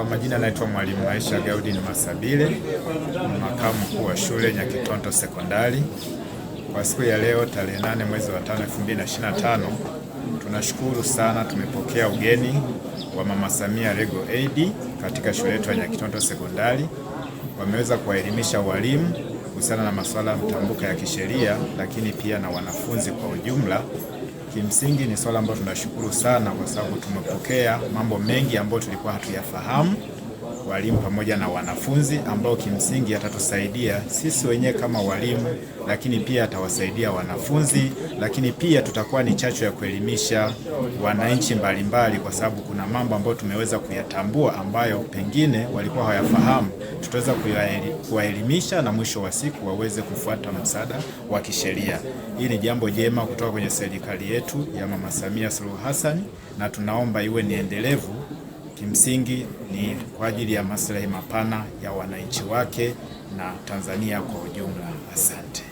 Kwa majina naitwa Mwalimu Aisha Gaudi ni Masabile, makamu mkuu wa shule Nyakitonto Sekondari. Kwa siku ya leo tarehe nane mwezi wa 5 tano tunashukuru sana, tumepokea ugeni wa Mama Samia Legal Aid katika shule yetu ya Nyakitonto Sekondari. Wameweza kuwaelimisha walimu kuhusiana na masuala mtambuka ya kisheria, lakini pia na wanafunzi kwa ujumla Kimsingi ni swala ambalo tunashukuru sana kwa sababu tumepokea mambo mengi ambayo tulikuwa hatuyafahamu walimu pamoja na wanafunzi, ambao kimsingi atatusaidia sisi wenyewe kama walimu, lakini pia atawasaidia wanafunzi, lakini pia tutakuwa ni chachu ya kuelimisha wananchi mbalimbali, kwa sababu kuna mambo ambayo tumeweza kuyatambua ambayo pengine walikuwa hawayafahamu. Tutaweza kuwaelimisha na mwisho wa siku waweze kufuata msaada wa kisheria. Hii ni jambo jema kutoka kwenye serikali yetu ya Mama Samia Suluhu Hassan, na tunaomba iwe ni endelevu kimsingi ni kwa ajili ya maslahi mapana ya wananchi wake na Tanzania kwa ujumla. Asante.